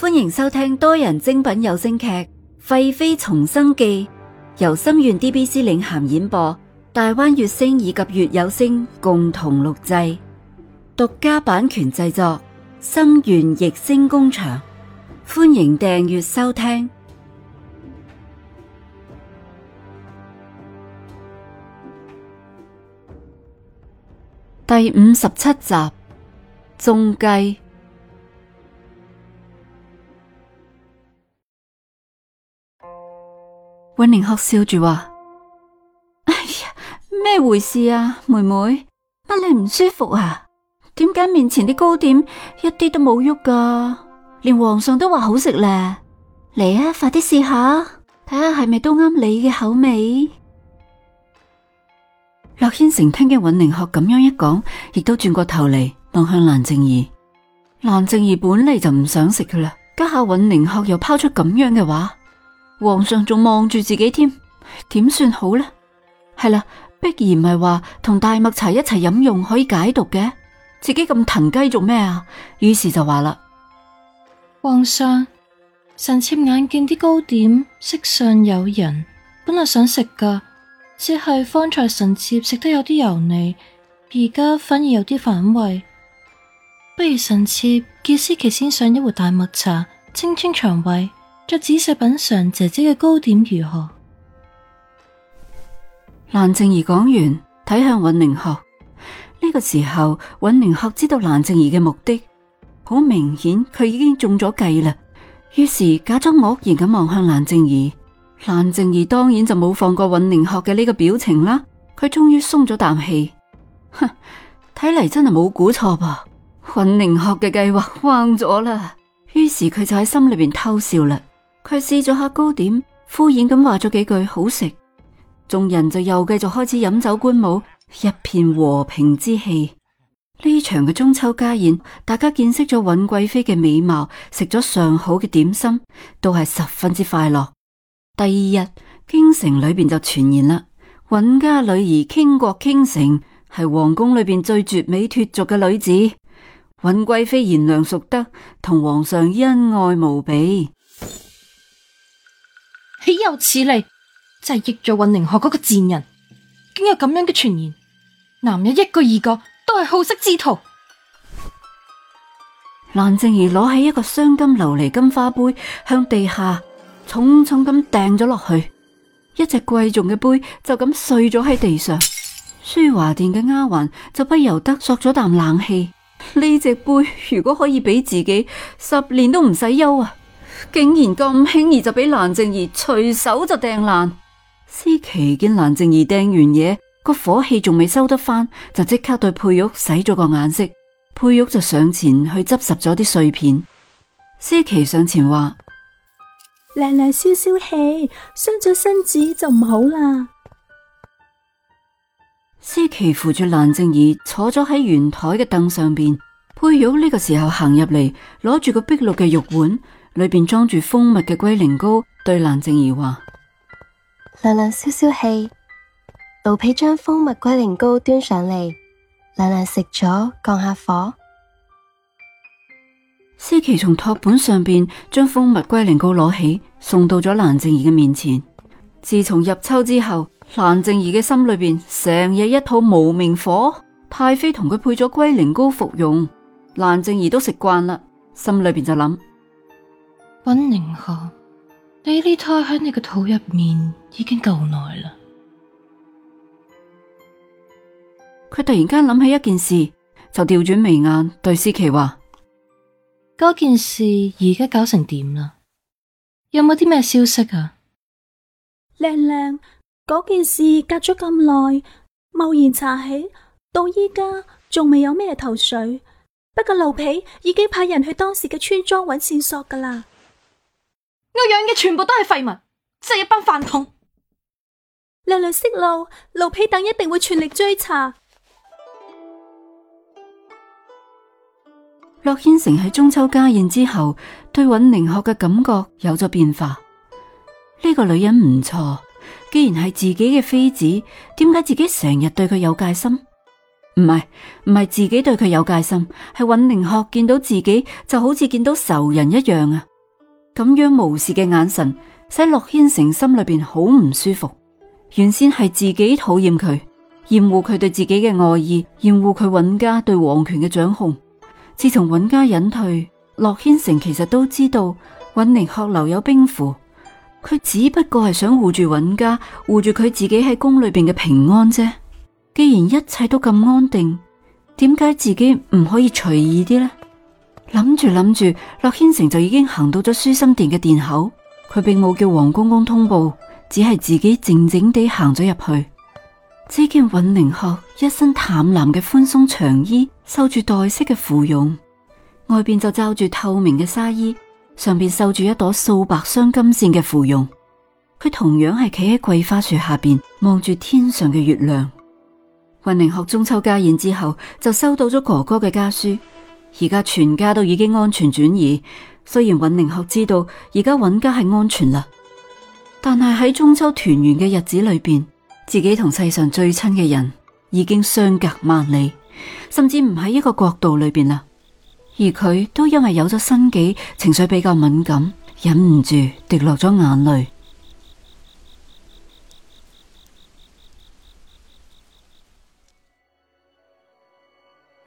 歡迎收聽多人精品有聲劇《廢妃重生記》，由心願 DBC 領銜演播，大灣月聲以及月有聲共同錄製，獨家版權製作，心願逸聲工場。歡迎訂閱收聽第五十七集，中計。尹寧鶴笑住話：哎呀，咩回事啊，妹妹，乜你唔舒服啊？點解面前啲糕點一啲都冇喐噶？連皇上都話好食咧，嚟啊，快啲試下，睇下係咪都啱你嘅口味。洛軒成聽嘅尹寧鶴咁樣一講，亦都轉過頭嚟望向蘭靜兒。蘭靜兒本嚟就唔想食噶啦，家下尹寧鶴又拋出咁樣嘅話。皇上仲望住自己添，點算好呢？係啦，必然唔係話同大麥茶一齊飲用可以解毒嘅，自己咁騰雞做咩啊？於是就話啦，皇上，臣妾眼見啲糕點色上有人，本來想食噶，只係方才臣妾食得有啲油膩，而家反而有啲反胃，不如臣妾叫思琪先上一壺大麥茶，清清腸胃。着仔細品嘗姐姐嘅糕點如何？蘭靜兒講完，睇向尹寧學。呢個時候，尹寧學知道蘭靜兒嘅目的，好明顯，佢已經中咗計啦。於是假裝愕然咁望向蘭靜兒。蘭靜兒當然就冇放過尹寧學嘅呢個表情啦。佢終於鬆咗啖氣，哼，睇嚟真係冇估錯噃，尹寧學嘅計劃掹咗啦。於是佢就喺心裏邊偷笑啦。佢試咗下糕點，敷衍咁話咗幾句好食，眾人就又繼續開始飲酒觀舞，一片和平之氣。呢場嘅中秋家宴，大家見識咗尹貴妃嘅美貌，食咗上好嘅點心，都係十分之快樂。第二日，京城裏邊就傳言啦：尹家女兒傾國傾城，係皇宮裏邊最絕美脱俗嘅女子。尹貴妃賢良淑德，同皇上恩愛無比。豈有此理！真係益咗混寧河嗰個賤人，竟有咁樣嘅傳言。男人一個二個都係好色之徒。蘭靜兒攞起一個鑲金琉璃金花杯，向地下重重咁掟咗落去，一隻貴重嘅杯就咁碎咗喺地上。舒華殿嘅丫鬟就不由得嗦咗啖冷氣。呢隻杯如果可以俾自己，十年都唔使憂啊！竟然咁輕易就俾蘭靜儀隨手就掟爛。思琪見蘭靜儀掟完嘢，個火氣仲未收得翻，就即刻對佩玉使咗個眼色。佩玉就上前去執拾咗啲碎片。思琪上前話：娘娘消消氣，傷咗身子就唔好啦。思琪扶住蘭靜儀坐咗喺圓台嘅凳上邊。佩玉呢個時候行入嚟，攞住個碧綠嘅玉碗。裏邊裝住蜂蜜嘅龜苓膏，對蘭靜兒話：娘娘消消氣，奴婢將蜂蜜龜苓膏端上嚟，娘娘食咗降下火。思琪從托盤上邊將蜂蜜龜苓膏攞起，送到咗蘭靜兒嘅面前。自從入秋之後，蘭靜兒嘅心裏邊成日一肚無名火。太妃同佢配咗龜苓膏服用，蘭靜兒都食慣啦，心裏邊就諗。尹寧河，你呢胎喺你嘅肚入面已經夠耐啦。佢突然間諗起一件事，就調轉眉眼對思琪話：嗰件事而家搞成點啦？有冇啲咩消息啊？靚靚，嗰件事隔咗咁耐，貿然查起，到依家仲未有咩頭緒。不過奴婢已經派人去當時嘅村莊揾線索噶啦。個養嘅全部都係廢物，即係一班飯桶。娘娘息怒，奴婢等一定會全力追查。洛軒成喺中秋家宴之後，對尹寧學嘅感覺有咗變化。呢個女人唔錯，既然係自己嘅妃子，點解自己成日對佢有戒心？唔係唔係自己對佢有戒心，係尹寧學見到自己就好似見到仇人一樣啊！咁樣無視嘅眼神，使洛軒成心裏邊好唔舒服。原先係自己討厭佢，厭惡佢對自己嘅惡意，厭惡佢尹家對皇權嘅掌控。自從尹家隱退，洛軒成其實都知道尹寧鶴留有兵符，佢只不過係想護住尹家，護住佢自己喺宮裏邊嘅平安啫。既然一切都咁安定，點解自己唔可以隨意啲呢？諗住諗住，洛軒城就已經行到咗舒心殿嘅殿口，佢並冇叫王公公通報，只係自己靜靜地行咗入去。只見尹寧鶴一身淡藍嘅寬鬆長衣，繡住黛色嘅芙蓉，外邊就罩住透明嘅紗衣，上邊繡住一朵素白雙金線嘅芙蓉。佢同樣係企喺桂花樹下邊，望住天上嘅月亮。尹寧鶴中秋家宴之後，就收到咗哥哥嘅家書。而家全家都已經安全轉移，雖然尹寧學知道而家尹家係安全啦，但係喺中秋團圓嘅日子裏邊，自己同世上最親嘅人已經相隔萬里，甚至唔喺一個國度裏邊啦。而佢都因為有咗身紀，情緒比較敏感，忍唔住滴落咗眼淚。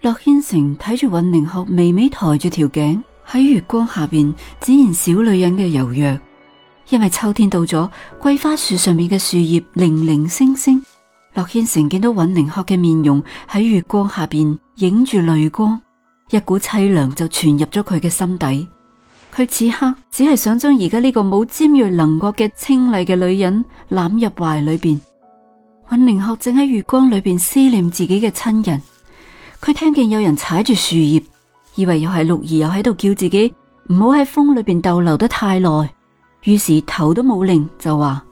洛軒成睇住尹寧鶴微微抬住條頸，喺月光下邊展現小女人嘅柔弱。因為秋天到咗，桂花樹上面嘅樹葉零零星星。洛軒成見到尹寧鶴嘅面容喺月光下邊影住淚光，一股淒涼就傳入咗佢嘅心底。佢此刻只係想將而家呢個冇尖銳稜角嘅清麗嘅女人攬入懷裏邊。尹寧鶴正喺月光裏邊思念自己嘅親人。佢聽見有人踩住樹葉，以為又係六兒又喺度叫自己唔好喺風裏邊逗留得太耐，於是頭都冇擰就話：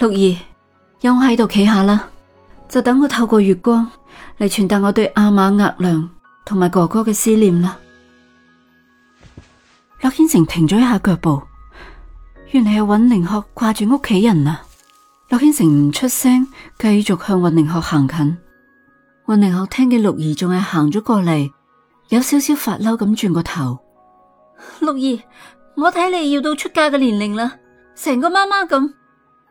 六兒，又喺度企下啦，就等我透過月光嚟傳達我對阿瑪額娘同埋哥哥嘅思念啦。駱天成停咗一下腳步，原來係尹寧鶴掛住屋企人啊。駱天成唔出聲，繼續向尹寧鶴行近。霍寧學聽見六兒仲係行咗過嚟，有少少發嬲咁轉個頭。六兒，我睇你要到出嫁嘅年齡啦，成個媽媽咁。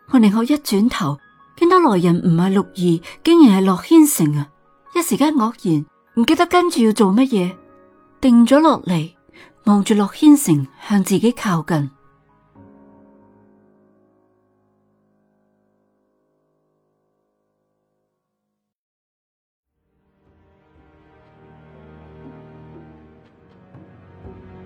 霍寧學一轉頭，見到來人唔係六兒，竟然係樂軒成啊！一時間愕然，唔記得跟住要做乜嘢，定咗落嚟，望住樂軒成向自己靠近。